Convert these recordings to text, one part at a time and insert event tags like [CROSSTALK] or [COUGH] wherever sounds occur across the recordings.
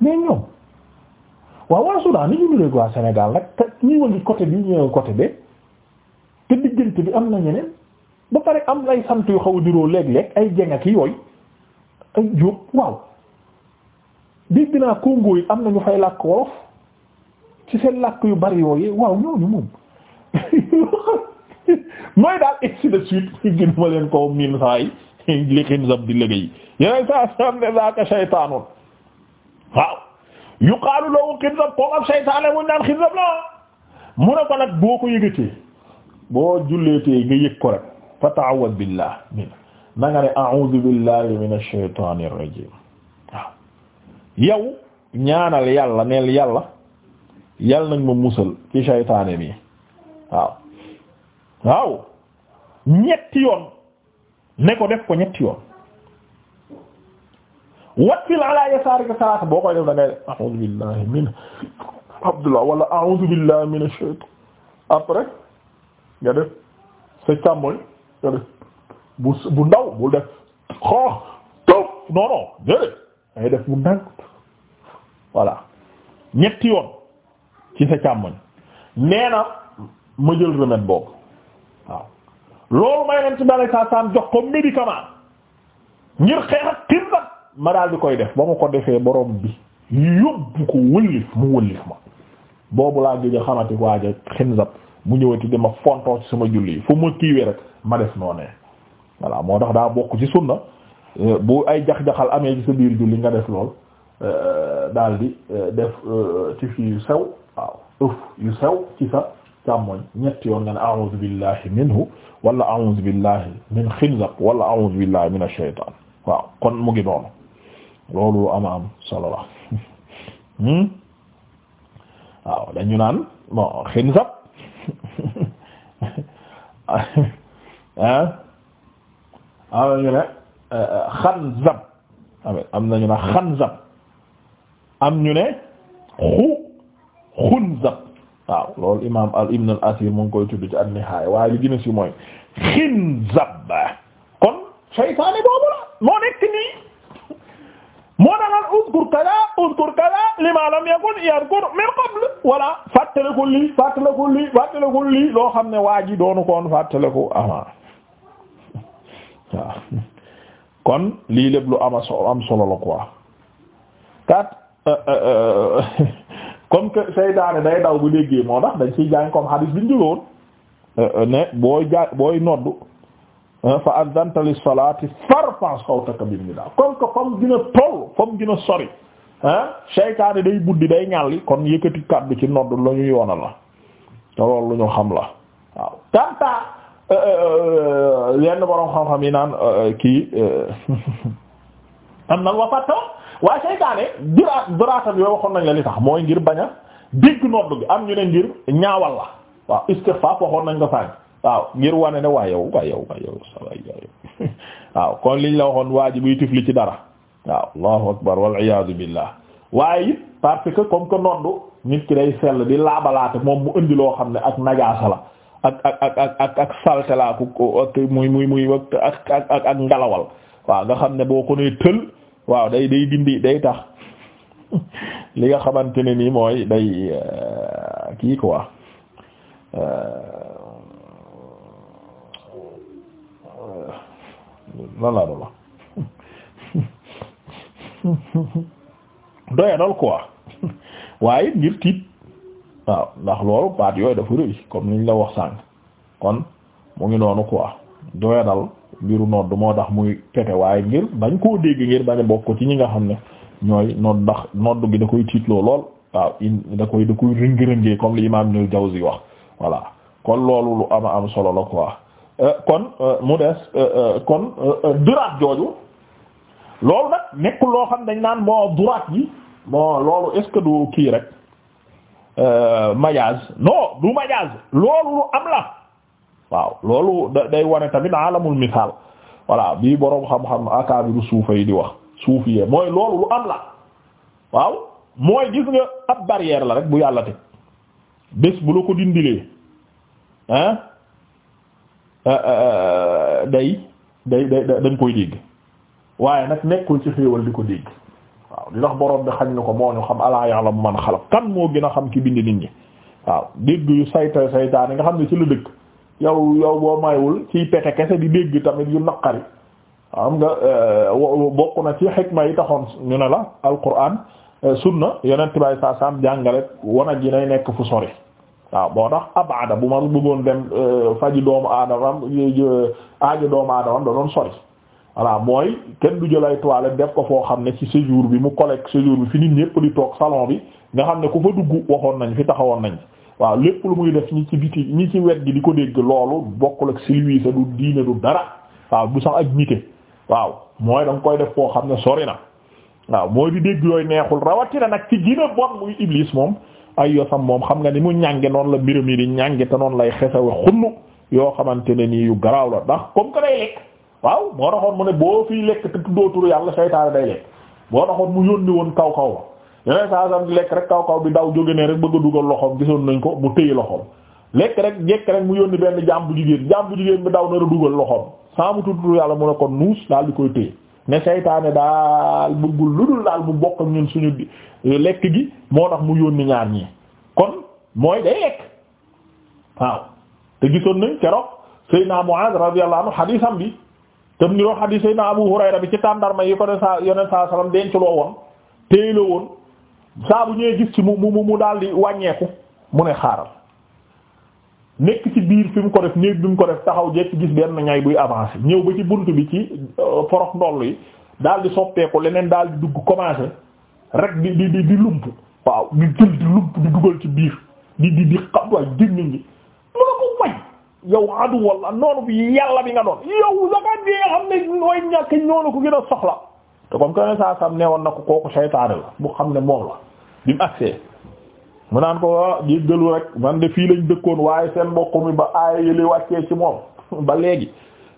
mais ñoom euh, waaw waa Soudan ni ñu niroog waa Sénégal nag te ñuy wëngi côté bi ñëw côté bi te diggante bi am na ñeneen ba pare am ay sant yu xaw a diroo léeg ay jeng ak yooyu ay jóob waaw dégg naa Congo yi am na ñu fay làkk wolof ci seen làkk yu bari yooyu waaw ñooñu moom [LAUGHS] mooy daal ainsi de suite ñu [LAUGHS] gën ma leen ko miin saa [LAUGHS] li xinzab di liggéey yeneen saa saam ne zaaka shaytaanun waaw yuqaalu lahu xinzab kooku ab shaytaan la mu naan xinzab la mu ne ko nag boo ko yëgatee boo julleetee nga yëg ko rek fa ta'awwad billah min na nga ne a'uudu billahi minash shaytaanir rajiim waaw yow ñaanal yàlla neel yàlla yàlla nañ ma musal ci shaytaane bi waaw waaw ne ko def ko ñetti yoon watfil ala yasaarika salaasa boo koy def da ngay a'uuzu billahi min abdullah wala a'uuzu billahi min shaytaan après nga def sa càmmoñ nga def bu bu ndaw bu def xoox toog non non déedéet ngay def bu ndànk voilà ñetti yoon ci sa càmmoñ nee na ma jël remède boobu loolu may leen ci bale saa saam jox ko médicament ngir xeex ak ma daal di koy def ba ma ko defee borom bi yóbbu ko wëllif mu wëllif ma boobu laa gëj a xamati waaja xinzab mu ñëwati dama fontoo ci sama julli yi fu ma kiiwee rek ma def noonee voilà moo tax daa bokk ci sunna euh, bu ay jax-jaxal amee ci sa biir julli nga def lool euh, daal di euh, def ci yu sew waaw ëf yu sew ci sa càmmoñ ñetti yoon nga ne a'uuzu billahi minhu wala a'uuzu billahi min xinzab wala a'uuzu billahi min ash-shaytaan waaw kon mu ngi noonu loolu ama am solo la [LAUGHS] hmm? waaw dañu naan bon xinzab [LAUGHS] ah, ah, eh, ah am nañu ne xanzab am nañu ne xanzab am ñu ne xu xunzab waaw loolu imaam al ibn al asir koy tudd ci waaye li gën a si mooy xinzab kon saytaane boobu la moo nekk nii moo danal udkur kaza udkur kaza lima lam yakun yadkur min qabl wala fàttaliku lii fàttaliku lii fàttaliku lii loo xam ne waa ji doonu koon fàttaliku ama waaw kon lii lépp lu ama so am solo [LAUGHS] comme que seytaane day daw bu léegi moo tax dañ ciy jàng comme hadis bi ñu jógoon euh, euh, ne booy ja booy noddu euh, fa addanta lis salaati farfa sawtaka bil midaa comme que fa mu gën toll fa mu gën sori seytaane day buddi day ñàlli kon yëkkati kaddu ci noddu la ñu yoonal la te loolu lu ñu xam la waaw tanta yenn borom xam-xam yi naan kii [LAUGHS] am na wafato waaye seytaane biraat biraatam yooyu waxoon nañ la li tax mooy ngir bañ a dégg nodd gi am ñu ne ngir ñaawal la waaw istirfaaf waxoon nañ ko sànni waaw ngir wane ne waa yow waa yow waa yow sa waay [LAUGHS] waaw kon liñ la waxoon waa ji buy tifli ci dara waaw allahu akbar wal iyaadu billah waaye it parce que comme que noddu nit ki day sell di laabalaate moom mu indi loo xam ne ak najaasa la ak ak ak ak ak ak salte laa ko ak muy muy muy ak ak ak ak ngalawal waaw nga xam ne boo ko nee tël waaw day day dindi day tax [LAUGHS] li nga xamante ne nii mooy day euh, kii quoi euh, lan laa [LAUGHS] doyadal quoi [LAUGHS] waaye ngir tiit waaw ndax loolu baat yooyu dafa rëy comme niñ la wax sànq kon mu ngi noonu quoi doyadal mbiru nodd moo tax muy kete waaye ngir bañ koo dégg ngir bañ a bokk ci ñi nga xam ne ñooy nodd ndax nodd gi da koy tiitloo lool waaw in da koy da koy rëngi-rëngee comme li imam Ibnul Jawzi wax voilà kon loolu lu ama am solo la quoi euh, kon euh, mu des euh, kon duraat jooju loolu nag nekkul loo xam dañ naan moo duraat gi moo loolu est kii rek majaaz non du majaaz loolu lu am la waaw loolu day wane tamit alamul misaal voilà bii boroom xam-xam akaabiru suufa yi di wax suufiyee mooy loolu lu am la waaw mooy gis nga ab barrière la rek bu yàlla teg bés bu la ko dindilee ah day day dañ koy dégg waaye nag nekkul ci xéewal di ko dégg waaw li tax boroom bi xañ na ko moo ñu xam alaa ya'lam man xal kan moo gën a xam ki bind nit ñi waaw dégg yu sayta saytaan yi nga xam ne ci lu dëkk yow yow boo maywul ciy pexe kese di dégg tamit yu naqari xam nga euh, bokk na ci xikma yi taxoon ñu ne la alquran euh, sunna yeneen tibaay saa saam jàngale wanag yi nay nekk fu sori waaw moo tax abada bu ma bëggoon dem euh, faji doomu aadamam aajo doomu aadamam da doon sori voilà mooy kenn du jëlay toilette def ko foo xam ne ci séjour bi mu collecte séjour bi fi nit ñépp di toog salon bi nga xam ne ku fa dugg waxoon nañ fi taxawoon nañ waaw lépp lu muy def ñi ci biti wet gi di ko dégg loolu bokkul ak silwi sa du diine du dara waaw du sax ak nite waaw mooy da koy def koo xam ne sori na waaw mooy di dégg yooy neexul rawatina nag ci gina bon muy Iblis moom ay yosam moom xam nga ni mu ñànge noonu la mbiram yi di ñànge te noonu lay xesawe xunnu yoo xamante ne nii yu garaaw la ndax comme que day lekk waaw moo taxoon mu ne boo fii lekk te tuddoo turu yàlla seytaane day lekk boo taxoon mu yónni woon kaw kaw yeneen saa sam di lekk rek kaw kaw bi daw jóge ne rek bëgg a dugal loxoom gisoon nañ ko mu téye loxoom lekk rek jekk rek mu yónni benn jaam bu jigéen jaam bu jigéen bi daw nar a dugal loxoom saa mu tudd yàlla mu ne kon nuus daal di koy téye ne seytaane daal bëggul lu dul daal mu bokk ñun suñu euh, lekk gi moo tax mu yónni ñaar ñi kon mooy day lekk waaw te gisoon nañ keroog Seydina Muaz radiyallahu anhu xadiisam bi te mu niroo xadiis Seydina Abu Hurayra bi ci tàndarma yi ko ne saa yeneen saa loo woon téye la saa bu ñëwee gis ci mu mu mu daal di wàññeeku mu ne xaaral nekk ci biir fi ko def néeg bi mu ko def taxaw jekk gis benn ñay buy avancé ñëw ba ci bunt bi ci forox euh, ndoll yi daal di soppeeku leneen daal di dugg commencé rek di di di lump waaw di jël dugal ci biir di di di xam waay génn ñi mu ne ko way yow adu walla noonu bi yàlla bi nga doon yow da nga dee xam nooy ñàkk ñoonu ko gën a soxla te comme que ne saa sam ne na ko kooku seytaane la bu xam ne moom la bi mu agsee mu naan ko ah jéggalu rek man de fii lañ dëkkoon waaye seen mbokk mi ba aaya yële wàccee ci moom [LAUGHS] ba léegi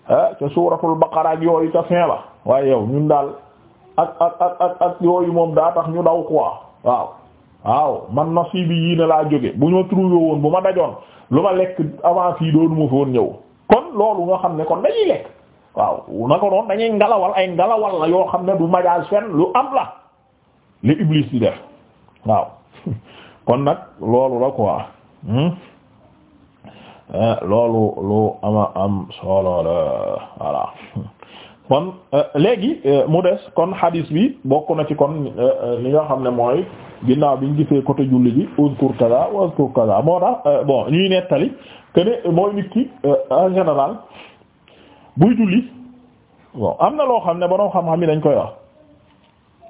ah ca suuratul baqara ak yooyu ca fin la waaye yow ñun daal ak ak ak ak yooyu moom daa tax ñu daw quoi waaw waaw man bi yii na laa jóge bu ñu trouvé woon bu ma dajoon lu ma lekk avant fii doonu ma fi ñëw kon loolu nga xam ne kon dañuy lekk waaw na ko noonu dañuy ngalawal ay ngalawal la yoo xam ne du majaas fenn lu am la li Iblis di waaw kon nag loolu la ko quoi hmm? eh, loolu lu ama am solo la voilà kon eh, léegi eh, mu des kon hadis bi bokk na ci kon li nga xam ne mooy ginnaaw biñ gisee côté julli ji uzkur kaza wa uzkur kaza moo tax bon ñuy nettali que mooy nit ki en général buy julli bon am na loo xam ne borom xam-xam yi dañ koy wax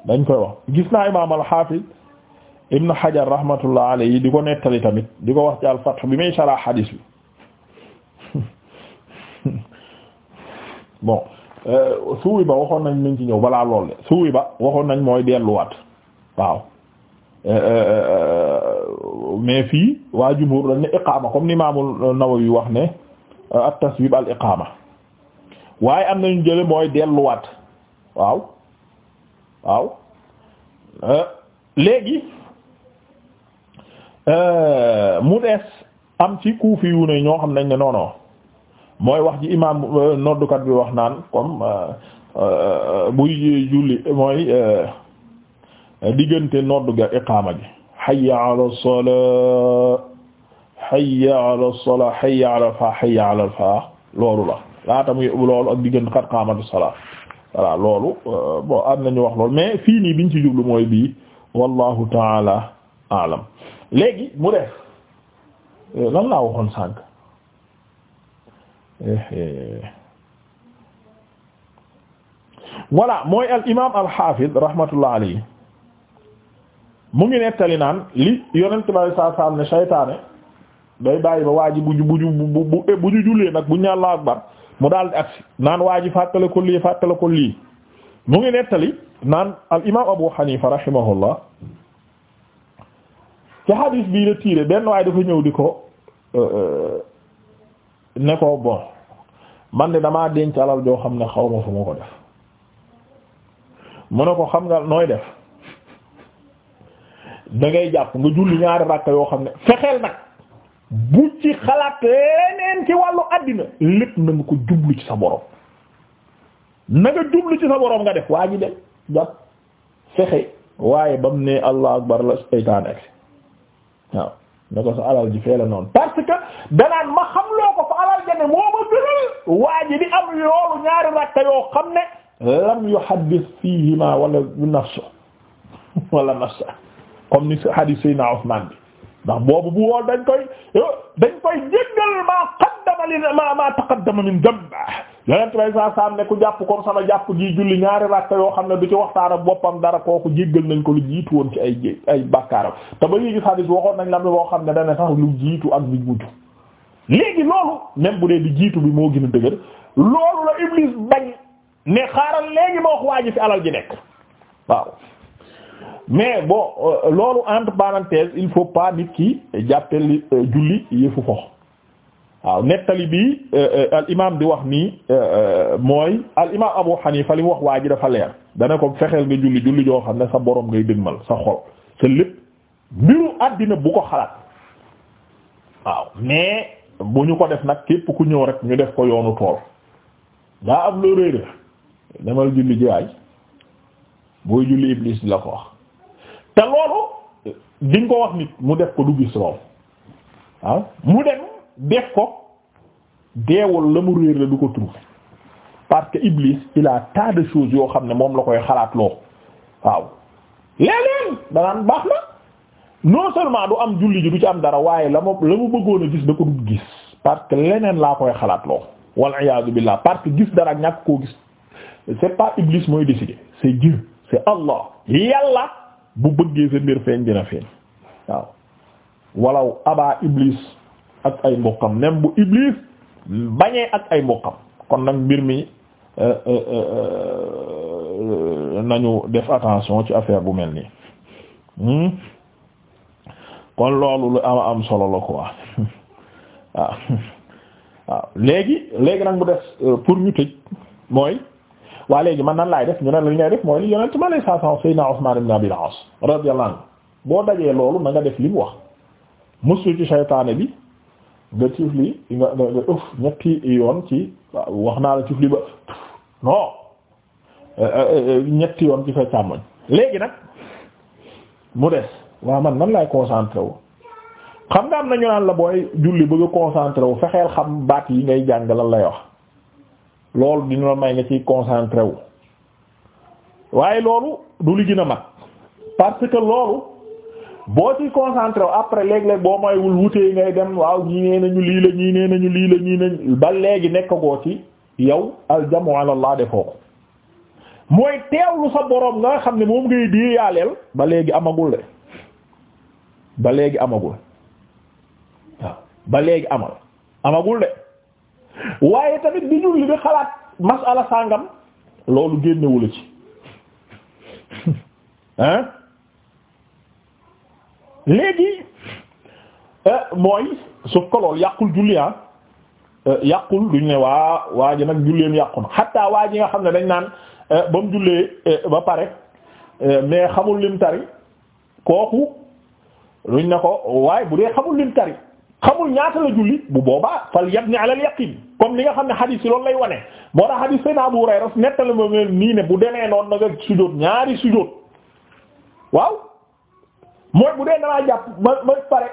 dañ koy wax gis naa imaam hafiz Ibn Hajar rahmatullah alayhi di ko nettali tamit di ko wax ci al-Fath bi may sarah hadis bi [LAUGHS] bon euh, suuy ba waxoon nañ nañ ci ñëw lool de suuy ba waxoon nañ mooy delluwaat waaw euh, euh, mais fii waa jumhur dañ ne iqaama comme ni Imaamul Nawawi wax ne at-taswib al-iqaama waaye am nañu jële mooy delluwaat waaw waaw léegi Euh, mu des am ci kuufi yu ne ñoo xam nañ ne non mooy wax ji imaam euh, noddukat bi wax naan comme euh, buy julli mooy diggante noddu ga iqaama ji hayya ala salaa hayya ala salaa hayya ala fa loolu la laata yi loolu ak diggante xat qaamatu salaa voilà loolu bon am nañu wax loolu mais fii nii biñ ci jublu mooy bii wallahu taala alam léegi mu def lan laa waxoon sànq eh, eh. mooy al imaam al xaafid rahmatullah alayhi mu ngi nettali naan li yonent bi saa saa am ne saytaane day bàyyi ba waa ji bu bu bu bu eh, bu nag bu ñu Allahu akbar mu daal di agsi naan waa ji fàttale ko lii fàttale ko lii mu ngi nettali naan al imaam Abu Hanifa rahimahullah ci hadis bii la tiire benn waaye dafa ñëw di ko euh, euh, ne ko bon man de damaa denc alal joo xam ne xaw ma fu ko def mu ne ko xam nga nooy def dangay jàpp nga julli ñaari rakka yoo xam ne fexeel nag bu ci xalaat leneen ci wàllu àddina lépp na nga ko jublu ci sa borom na nga jublu ci sa borom nga def waa ji dem jàpp fexe waaye ba mu ne allah akbar la seytaan ak waaw ne ko sa alal ji fee la noonu parce que danaan ma xam loo ko fa alal ja ne moo ma gënal waa ji di am yoolu ñaari rakka xam ne lam yuhaddis fiihima wala nafsa [LAUGHS] wala nafsa comme ni hadis Seydina Usmaan bi ndax bu wool dañ koy dañ koy jéggal maa qaddama min damba yonent bay saa saam ne ku jàpp comme sama jàpp gi julli ñaari rakka yoo xam ne du ci waxtaan ak boppam dara kooku jéggal nañ ko lu jiitu woon ci ay jé ay bàkkaaram te ba léegi xadis waxoon nañ la mi boo xam ne dana sax lu jiitu ak lu mujj léegi loolu même bu dee bi jiitu bi moo gën a dëgër loolu la Iblis bañ ne xaaral léegi ma wax waa fi alal ji nekk waaw mais bon euh, loolu entre parenthèses il faut pas nit ki jàppee euh, julli yëfu fox waaw nettali bi euh, euh, al di wax nii euh, mooy al imaam Abu Hanifa li mu wax waa ji dafa leer dana ko fexeel nga julli julli joo xam ne sa borom ngay dëgmal sa xol sa lépp mbiru àddina bu ko xalaat waaw mais bu ñu ko def nag képp ku ñëw rek ñu def ko yoonu tool daa am loo réer demal julli ko wax loolu diñ ko wax nit mu def ko du gis lool mu dem def ko deewul la mu réer la du ko trouver parce que Iblis il a tas de choses yoo xam ne moom la koy xalaat loo waaw léeg-léeg danaan baax na non seulement du am julli ji du ci am dara waaye la ma la mu bëggoon gis da ko du gis parce que leneen laa koy xalaat loo wal iyaadu billah parce que gis dara ñàkk koo gis c'est pas Iblis mooy décider c'est Dieu c'est Allah yàlla bu bëggee sa mbir feeñ dina feeñ waaw walaw abaa Iblis ak ay mbokkam même bu iblis bañee ak ay mbokkam kon nag mbir mi euh, euh, euh, nañu def attention ci affaire bu mel nii hmm? kon loolu lu am am solo la ko waaw waaw léegi léegi nag mu def pour ñu tëj mooy waa léegi man nan laay def ñu ne la li ngay def mooy li yonent ma lay saa saa Seydina Usman ibn Abi al-As radiyallahu anhu boo dajee loolu na def li mu wax musu ci saytaane bi nga tifli nga nga ëf ñetti yoon ci wax naa la tifli ba non euh, euh, euh, ñetti yoon ci sa càmmoñ léegi nag mu des waaw man nan laay concentré wu xam nga am nañu naan la booy julli bëgg a concentré wu fexeel xam baat yi ngay jàng lan lay wax loolu dina la may nga ciy concentré wu waaye loolu du li gën a mat loolu boo ci concentré après léeg-léeg boo maywul wutee ngay dem waaw ñii nee nañu lii la ñii nee nañu lii la ñii nañ ba léegi nekk nekkagoo ci yow aljamu ala Allah defoo ko mooy teewlu sa boroom nga xam ne moom ngay di ba léegi amagul de ba léegi amagul waaw ba léegi amal amagul de waaye tamit di julli di xalaat masala sàngam loolu génnewula ci [LAUGHS] hein léegi euh, mooy suuf ko yàqul julli ah euh, yàqul duñ ne waa waa ji nag julleem yàqu na xatta waa ji nga xam ne dañ naan euh, ba mu jullee ba pare mais xamul lim tari kooku luñ ne ko waaye bu dee xamul lim tari xamul ñaata la julli bu boobaa fal yabni ala al yaqin comme li nga xam ne hadith yi loolu lay wane moo tax hadith sayna Abu Hurayra nettali ma mel nii ne bu demee noonu nga sujjóot ñaari sujjóot waaw. mooy bu dee danaa jàpp ma ma pare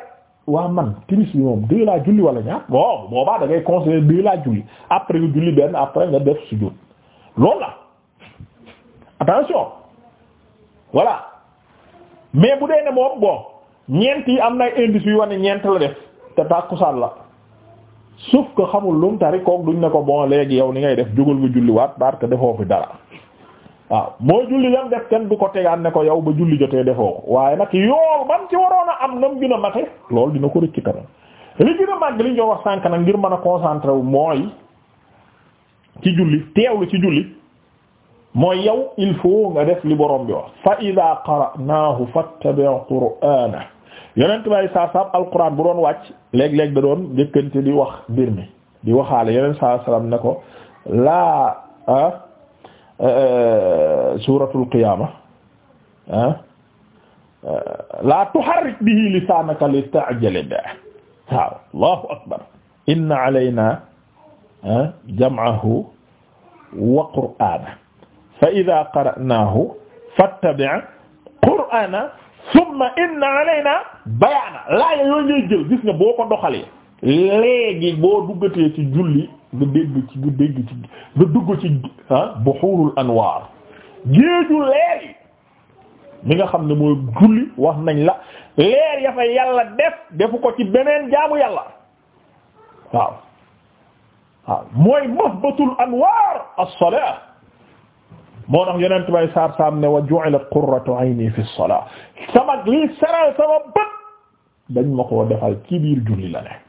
waa man timis bi moom deux laa julli wala ñaar bon boobaa da dangay conseiller deux laa julli après nga julli benn après nga def sujjóot loolu la attention voilà mais bu dee ne moom bon ñeent am na ay indice yu wane ñeent la def te tàkkusaan la sauf que xamul lu mu kook duñ ne ko bon léegi yow ni ngay def jugal nga julliwaat parce que defoo fi dara waaw mooy julli yam def kenn du ko tegaan ne ko yow ba julli jotee defoo ko waaye nag yool bam ci waroon a am nam gën a mate loolu dina ko rëcc kanam li gën a màgg li ñu wax sànk na ngir mën a concentré wu mooy ci julli teewlu ci julli mooy yow il faut nga def li borom bi wax fa ida qara'naahu fattabi' qur'ana yonent bay saa saab bu doon wàcc léeg-léeg da doon njëkkante di wax mbir mi di waxaale yonent saa sallam ne ko laa ah, Euh, suuratul qiyaama ah laa tuharrik bihi lisaanaka li ta'jala bihi waaw allahu akbar inna alaynaa ah, jam'ahu wa qur'aanahu fa idhaa qara'naahu fattabi' qur'aanahu thumma inna alaynaa bayaanahu laaya yooyu ngay jël gis nga boo ko doxalee léegi boo duggatee ci julli nga dégg ci nga dugg ci ah buhurul anwaar géeju leer yi mi nga xam ne mooy julli wax nañ la leer ya fa yàlla def defu ko ci beneen jaamu yàlla waaw waaw mooy mahbatul anwaar as-salaat moo tax yeneen bay saar saam ne wa ju'ilat qurratu ayni fi as-salaat sama bët dañ ma koo defal ci biir julli la ne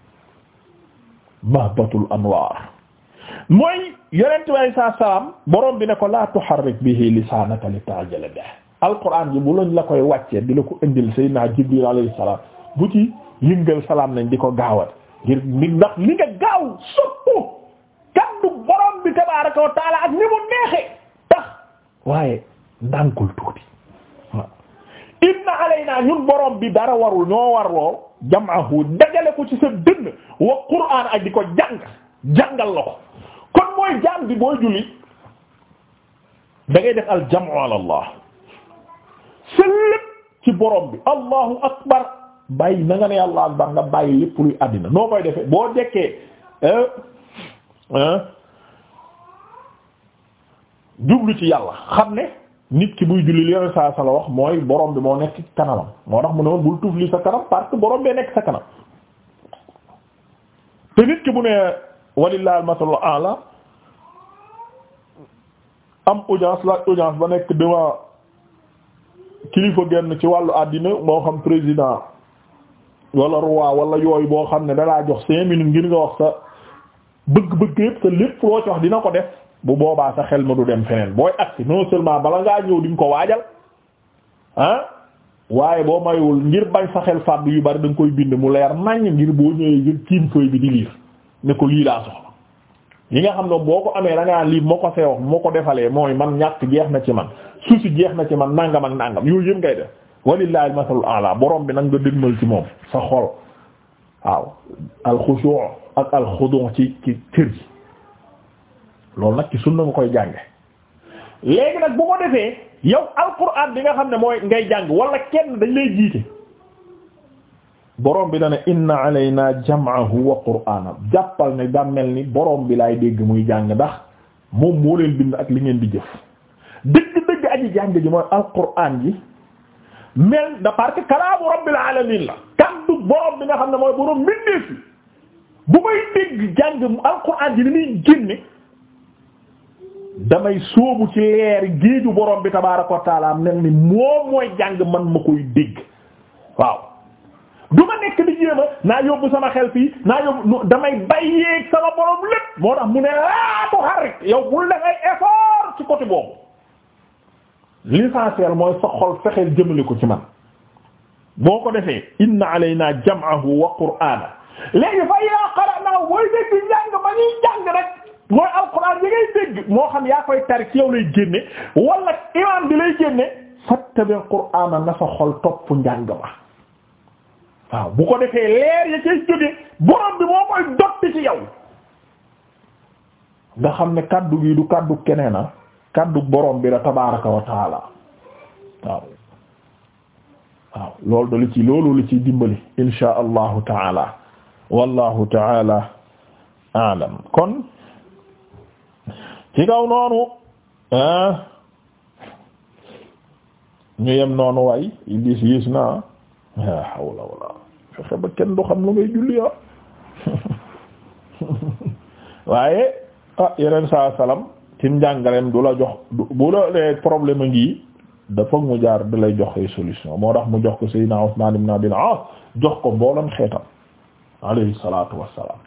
mahbatul anwaar mooy yonent bi alayhi salaatu salaam borom bi ne ko laa tuharrik bihi lisaanaka li ta'jala bihi alquran ji bu lañ la koy wàccee di la ko indil sayyidina Jibril alayhi salaam bu ci yëngal salaam nañ di ko gaawat ngir ndax li nga gaaw soppu kaddu borom bi tabaaraka wa taala ak ni mu neexee tax waaye ndànkul tuuti. inna alayna ñun borom bi dara warul ñoo warloo jam'ahu dajale ko ci sa dënn wa qur'aan ak di ko jàng jàngal la ko kon mooy jaam bi booy julli da def al jam'u ala allah sa ci borom bi allahu akbar bàyyi na nga ne allah akbar nga bàyyi lépp luy àddina noo koy defee boo dekkee jublu ci yàlla xam ne nit ki buy julli li yoneen saa sala wax mooy borom bi moo nekk ci kanamam moo tax mu ne woon bul tufli sa kanam parce que borom bee nekk sa kanam te nit ki bu ne walillahi al-masalul a'la am audience la audience ba nekk devant kilifa genn ci wàllu àddina moo xam président wala roi wala yooyu boo xam ne dalaa jox cinq minutes ngir nga wax sa bëgg-bëgg yëpp sa lépp loo ci wax dina ko def bu boobaa sa xel ma du dem feneen booy agsi non seulement bala ngaa ñëw di nga ko waajal ah waaye boo mayul ngir bañ sa xel fàddu yu bari da koy bind mu leer naññ ngir boo ñëwee ngir kiim fooy bi di liir ne ko lii laa soxla li nga xam ne boo ko amee da ngaa lii moo ko fee moo ko defalee mooy man ñàkk jeex na ci man souci jeex na ci man nangam ak nangam yooyu yëpp ngay def walillahi masalul ala borom bi nag nga dëgmal ci moom sa xol waaw alxushu' ci ci cër loolu nag ci sunna nga koy jànge léegi nag bu ko defee yow alquran bi nga xam ne mooy ngay jàng wala kenn dañ lay jiite boroom bi dana inna alayna jam'ahu wa qur'ana jàppal ne daa ni boroom bi laay dégg muy jàng ndax moom moo leen bind ak li ngeen di jëf dëgg-dëgg aji jàng ji mooy alquran ji mel da parce que kalaamu rabbil la kàddu borom bi nga xam ne mooy borom mbindeef bu koy dégg jàng mu alquran ji li muy génne damay soobu ci leeri géeju borom bi tabaaraka wa taala mel ni moom mooy jàng man ma koy dégg waaw du ma nekk di jéema naa yóbbu sama xel fii naa yóbbu damay bàyyeeg sama borom lépp moo tax mu ne laa ah, ko xarit yow bul def ay effort ci côté boobu l'essentiel mooy sa xol fexeel jëmale ko ci man boo ko defee inna alaynaa jam'ahu wa qur'ana léegi fa yaa qara'naa booy dégg njàng ma ñuy jàng rek mooy alxuraan bi ngay dégg moo xam yaa koy tari ci yow lay génne wala imaam bi lay génne fattabil qur'aana na sa xol topp njàng ma waaw bu ko defee leer ya cay jóge borom bi moo koy dotti ci yow nga xam ne kaddu gi du kaddu keneen ah, kàddu kaddu borom bi la tabaaraka wa waaw loolu da li ci loolu li ci dimbali insha allahu taala wallahu taala alam kon ci kaw noonu ñu yem noonu waay diis diis naa la hawla wala fexe ba kenn du xam lu ngay julli ah [LAUGHS] waaye a yeneen saa salaam ci njàngaleem du la jox bu la lee problème ngi dafa mu jaar du lay jox ay solution moo tax mu jox ko Seydina Usmaan ibn Abi Al-Aas jox ko mboolem xeetam alayhi salaatu wassalaam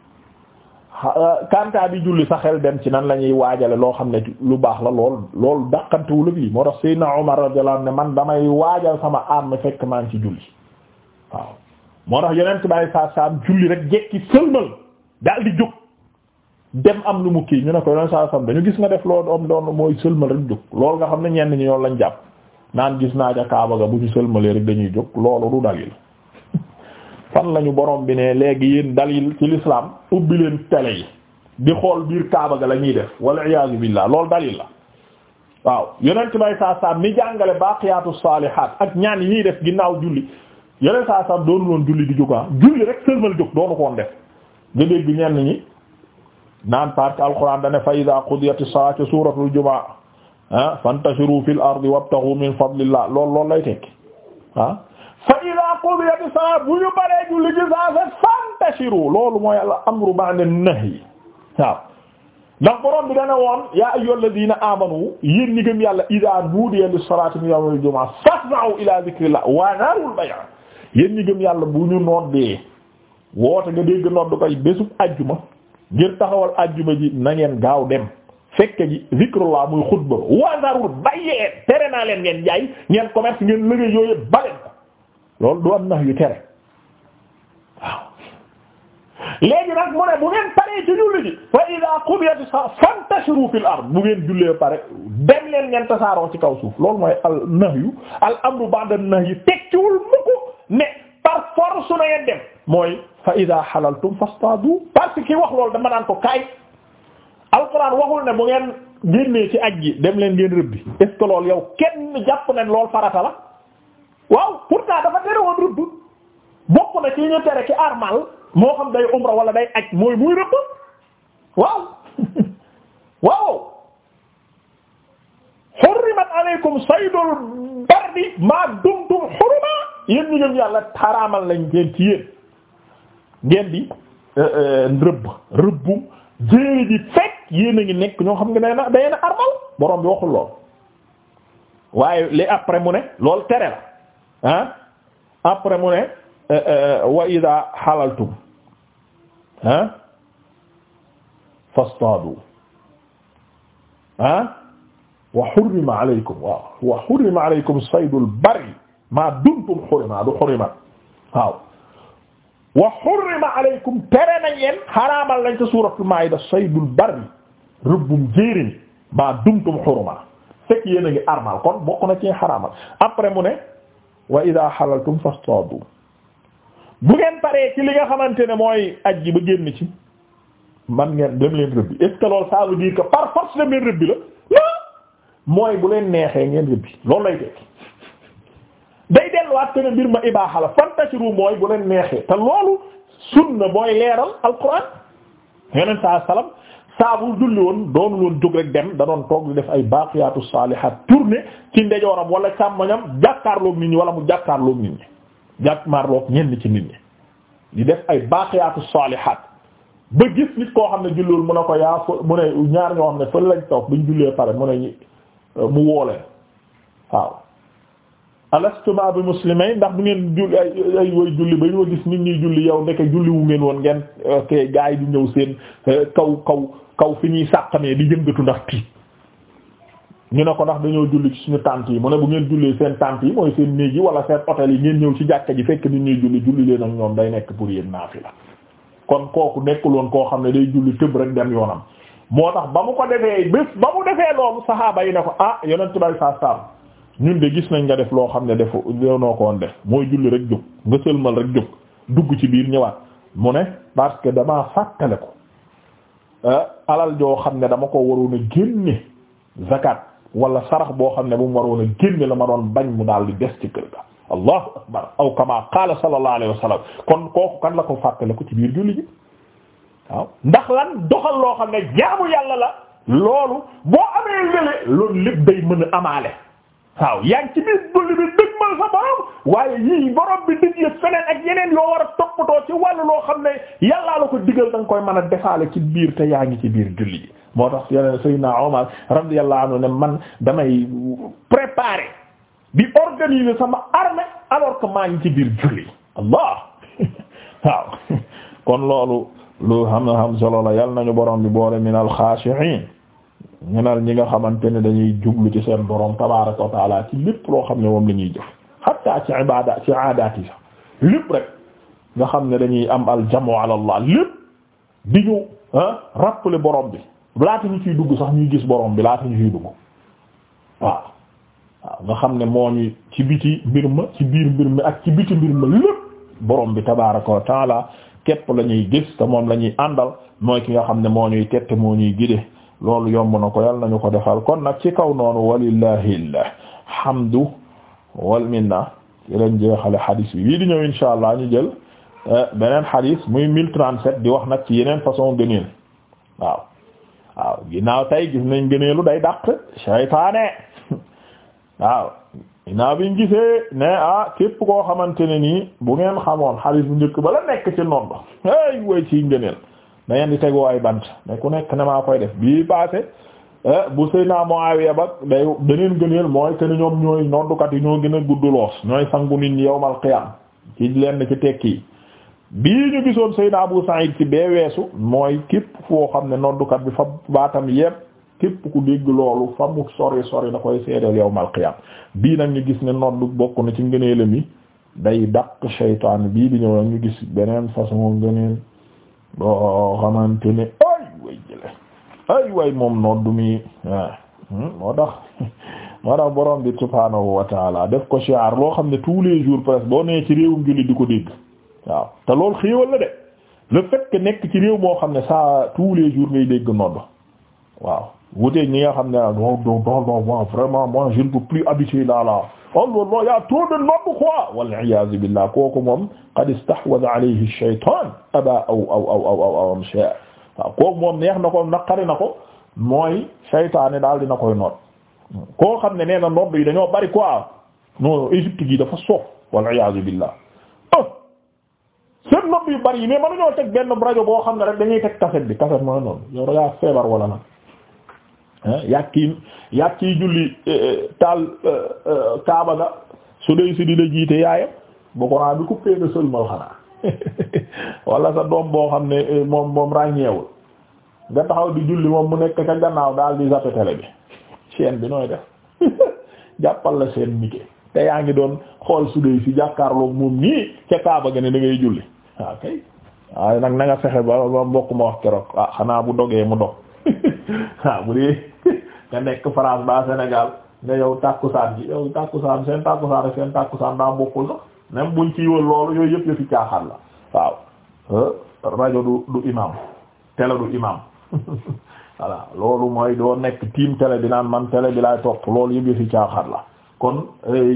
Euh, kanta bi julli sa xel dem ci nan la ñuy waajale loo xam ne lu baax la lool lool dàqantewul ak lii moo tax Seydina Omar radiyallahu ne man damay waajal sama arme fekk maa ngi ci julli waaw moo tax yonent bàyyi saa saam julli rek jekki sëlmal daal di jóg dem am lu mu kii ñu ne ko yonent saa saam dañu gis nga def lool am doon mooy sëlmal rek jóg loolu nga xam ne ñenn ñi yoon lañ jàpp naan gis naa ca Kaaba ga bu ñu sëlmalee rek dañuy jóg loolu du dalil fan lañu borom bi ne léegi yéen dalil ci l'islam ubbi leen tele yi di xool biir kaaba ga la ñuy def wal iyaazu billaah lool dalil la waaw yonent bay saa saa mi jàngale baaqiyaatu saalihaat ak ñaan yi ñuy def ginnaaw julli yonent saa saa doonu loon julli di jógaa ah julli rek sëlmal jóg doonu koon def nga dégg ñenn ñi naan parce que da dane fa idaa qudiyati salaatu suuratul jumaa ah fantashiru fil ardi wabtaghu min fadlillah lool lool lay tekki ah fa ida qudiyati salaa bu ñu baree julli ci saa sa fantashiru loolu mooy al amru ba'da nahyi waaw ndax borom bi dana woon yaa ayyuhal ladina amanu yéen ñi gëm yàlla ida nuudiya lis salaati min yawmil jumaa fas'aw ila dhikrillah wa dharul bay' yéen ñi gëm yàlla bu ñu noddee woote nga dégg nodd koy bésub ajjuma ngir taxawal ajjuma ji na ngeen gaaw dem fekke ji zikrullah muy xutba wa dharul bay' tere naa leen ngeen jaay ngeen commerce ngeen liggéey loolu du am nax yu tere waaw léegi mu ne bu ngeen paree ci julli fa ida qudiyati sa fantashiru fil ard bu ngeen jullee pare dem leen ngeen tasaaroo ci kaw suuf loolu mooy al nahyu al amru ba'da an nahyi tekkiwul mukk ne par force na ngeen dem mooy fa ida halaltum fastadu parce que wax loolu dama naan ko kaay alquran waxul ne bu ngeen génnee ci ajji dem leen ngeen rëbbi est lool que yow kenn jàpp nañ loolu farata la waaw pourtant dafa tere woon rëbb bokk na ci ñu tere ci armal moo xam day umra wala day aj mooy muy rëbb waaw [LAUGHS] waaw hurrimat alaykum saydul bardi maa dumtum hurma yéen ñu gëm yàlla taraamal lañ ngeen ci yéen ngeen di euh, euh, rëbb rëbbum jéeri di fekk yéen a ngi nekk ñoo xam ne day na day na armal borom bi waxul lool waaye li après mu ne loolu tere la ah après mu ne euh, euh, wa ida xalaltum ah fastaadu ah wa xurrima alaykum waaw wa xurrima alaykum saydul bari maa dumtum xurima du xurima waaw wa xurrima alaykum tere nañ leen xaraamal lañ ca suuratul maayida saydul bari rëbbum jéerin maa dumtum xurima fekk yéen a ngi armal kon bokk na ci xaraamal après mu ne wa idaa xalaltum fastaadu bu ngeen paree ci li nga xamante ne mooy ajji ba génn ci man ngeen dem leen rëbbi est-ce que loolu ça veut dire que par force dem leen rëbbi la mooy bu leen neexee ngeen rëbbi loolu lay tekki day delluwaat te ne mbir ma ibaaxa la fantashiru mooy bu leen neexee te loolu sunna mooy leeral alquran yeneen saa salaam saa bu julli woon doonu loon jóg rek dem da toog di def ay baaqiyaatu saalihaat tourné ci ndejooram wala càmmoñam jàkkaarloog nit ñi wala mu jàkkaarloog nit ñi jàkkaarloog ñenn ci nit ñi di def ay baaqiyaatu saalihaat ba gis nit koo xam ne julliwul mu ne ko yaa fa mu ne ñaar ñoo xam ne fa lañ toog buñ jullee pare mu ne mu woolee waaw alastuma bi muslimay ndax bu ngeen julli ay ay way julli ba ñu gis nit ñuy julli yow ndeke julli wu ngeen woon ngeen euh, te gaa yi di ñëw seen euh, kaw kaw kaw fi ñuy sàqamee di jëngatu ndax tiit ñu ne ko ndax dañoo julli ci suñu tànt yi mu ne bu ngeen jullee seen tànt yi mooy seen néeg yi wala seen hôtel yi ngeen ñëw ci jàkka ji fekk nit ñuy julli julli leen ak ñoom day nekk pour yéen la kon kooku nekkul woon koo xam ne day julli tëb rek dem yoonam moo tax ba mu ko defee bés ba mu defee loolu saxaaba yi ah, sa ñun de gis nañ nga def loo xam ne defu noo ko woon def mooy julli rek jóg nga sëlmal rek jóg dugg ci biir ñëwaat mu ne parce que damaa fàttale ko euh, alal joo xam ne dama ko waroon a génne zakat walla sarax boo xam ne bu mu waroon a génne la ma doon bañ mu daal di des ci kër ga allahu akbar aw qaala sallallahu alayhi wa kon kooku kan la ko fàttale ko ci biir julli ji waaw ndax lan doxal loo xam ne jaamu yàlla la loolu boo amee lële loolu lépp day mën waaw yaa ngi ci biir julli bi dëgmal sa borom waaye yii borom bi digle feneen ak yeneen yoo war a toppatoo ci wàllu loo xam ne yàllaa la ko digal da koy mën a defaale ci te yaa ngi ci biir julli moo tax yeneen Seydina Omar radiyallahu anhu ne man damay maa ngi ci biir julli allah [LAUGHS] waaw kon loolu lu xam na solo la yal nañu borom bi boole min al ñenal ñi nga xamante ne dañuy jublu ci seen boroom tabaaraka wa ci lépp loo xam ne moom la ñuy jëf hatta ci ibaada ci aadaat lépp rek nga xam ne dañuy am al jamu ala allah lépp di ñu ah rappeler borom bi laata ñu ciy dugg sax ñuy gis borom bi laata ñu ciy dugg waaw. waaw nga xam ne moo ñu ci biti mbir ma ci biir mbir mi ak ci biti mbir ma lépp borom bi tabaaraka wa taala képp la ñuy gis te moom la ñuy àndal mooy ki nga xam ne moo ñuy tette moo ñuy gide. loolu yomb na ko yàlla nañu ko defal kon nag ci kaw noonu walillahil hamdu wal minna ci lañ jeexale xadis bi bii di ñëw insha allah ñu jël eh, beneen xadis muy 1037 di wax nag ci yeneen façon gëneel waaw waaw ginnaaw tey gis nañ gëneelu day dàq shaytaane waaw ginnaaw biñ gisee ne ah képp koo xamante ne nii bu ngeen xamoon xadis bu njëkk bala nekk ci noonu hey way ciy gëneel na ngeen di tegoo ay bant ne ku nekk ne maa koy def bii passé eh, bu Seydina Muawiya ba day beneen gëneel mooy que ni ñoom ñooy noddukat yi ñoo gën a gudd loos ñooy sangu nit ñi yawmal qiyaam ci lenn ci tekki yi bii ñu gisoon Seydina Abu Sa'id ci bee weesu mooy képp foo xam ne noddukat bi fa baatam yépp képp ku dégg loolu fa mu sori sori da koy seedeel yawmal qiyaam bii nag ñu gis ne noddu bokk na ci ngëneelam yi day dàq seytaan bii di ñëw nag ñu gis beneen façon ngëneel boo xamante ne ay way jële ay way moom noddu mi ah, hmm, moo tax [LAUGHS] moo tax borom bi subhaanahu wa taala def ko shiar loo xam ne tous les jours presque boo nee ci réew jullit di ko dégg waaw te loolu xéewal la de le fait nekk ci réew moo xam ne saa tous les jours ngay dégg nodd waaw wuteeg ñi nga xam ne ah non non non non vraiment moi je ne peux plus habiter là là Allah yaa trop de nopp quoi wal-iyaazu billah kooku moom qad istahwadha alayhi ash-shaytaan aba aw aw aw aw aw amsha waaw kooku moom neex na ko naqari na ko mooy seytaane daal dina koy noot koo xam ne nee na nodd yi dañoo bari quoi non Égypte gi dafa soof wal-iyaazu billah ah! seen nodd yu bari yi mais mënuñoo teg benn rajo boo xam ne rek dañuy teg cassette bi cassette mooy noonu yow yaa feebar wala nag yàgg kii yàgg kii julli eh, eh, taal eh, kaaba ga su dee si di jiite yaayam bu courant bi coupé nga sëlmal xanaa [LAUGHS] wala sa doom boo xam ne moom moom ràññeewul nga taxaw di julli moom mu nekk ca gannaaw daal di zappe télé bi chaîne bi [LAUGHS] la chaîne nike te yaa ngi doon xool su dee si jàkkaarloog moom nii ca kaaba ga ne da julli waaw ah, kay waaye ah, nag na nga fexe ba ba mbokk wax keroog ah xanaa bu dogee mu dog waaw [LAUGHS] ah, bu dee te nekk France ba Sénégal nga yow tàkkusaan ji yow tàkkusaan seen tàkkusaan ak seen tàkkusaan daa bokkul sax même buñ ci wal loolu yooyu yëpp yëfi caaxaan la waaw rajo du imam télé du imam [LAUGHS] voilà loolu mooy doo nekk tiim télé bi naan man télé bi laay topp loolu yëpp yëfi caaxaan la kon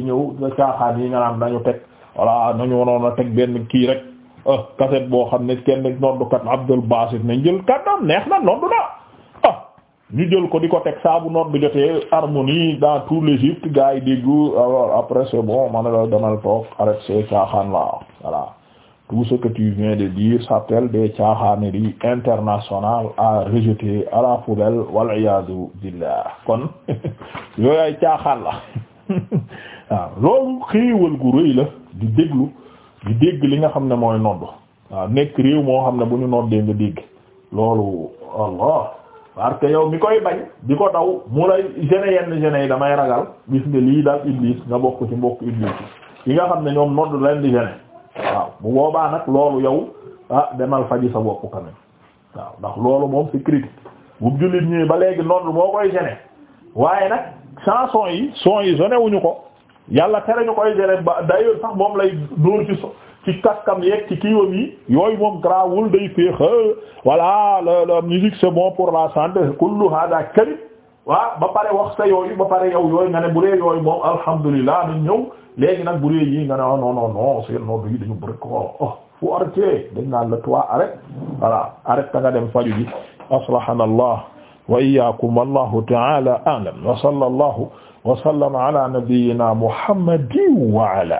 ñëw caaxaan yi nga naan nañu teg voilà nañu wanoon a teg benn kii rek ah boo xam ne kenn noddukat Abdul Basit ne jël kàddam neex na noddu na ñu jël ko di ko teg saa bu noot bi jotee harmonie dans tout l'Égypte gars yi déggu après c'est bon man la demal toog arrête ces caaxaan la voilà tout ce que tu viens de dire s'appelle des caaxaaneries internationales à rejeter à la poubelle wal iyaadu billah kon [LAUGHS] yooyu ay caaxaan la [LAUGHS] waaw loolu xéewal gu rëy la di déglu di dégg li nga xam ne mooy nodd waaw nekk réew moo xam ne bu ñu noddee nga dégg loolu Allah parce que yow mi koy bañ di ko daw mu lay gene yenn gene yi damay ragal gis nga lii daal iblis nga bokk ci mbokk iblis yi nga xam ne ñoom nodd leen di gene waaw bu boobaa nag loolu yow ah demal faji sa bopp quand waaw ndax loolu moom c'est critique bu jullit ñi ba léegi nodd moo koy gene waaye nag chanson yi son yi gene wuñu ko yàlla tere ñu koy gene ba d'ailleurs sax moom lay dóor ci so ci kaskam yeeg ci kiiwam yi yooyu moom grawul day féex voilà la la musique c'est bon pour la santé kullu hada karib waaw ba pare wax sa yooyu ba pare yow yooyu nga ne bu dee yooyu moom alhamdulilah nañ ñëw léegi nag bu dee yii nga ne ah non non non c'est non dañu dañu bëri ko oh fu arrêté dañ naan la toi arrête voilà arrête ta nga dem faju ji aslahana allah wa iyyakum wallahu ta'ala a'lam wa sallallahu wa sallama ala nabiyyina muhammadin wa ala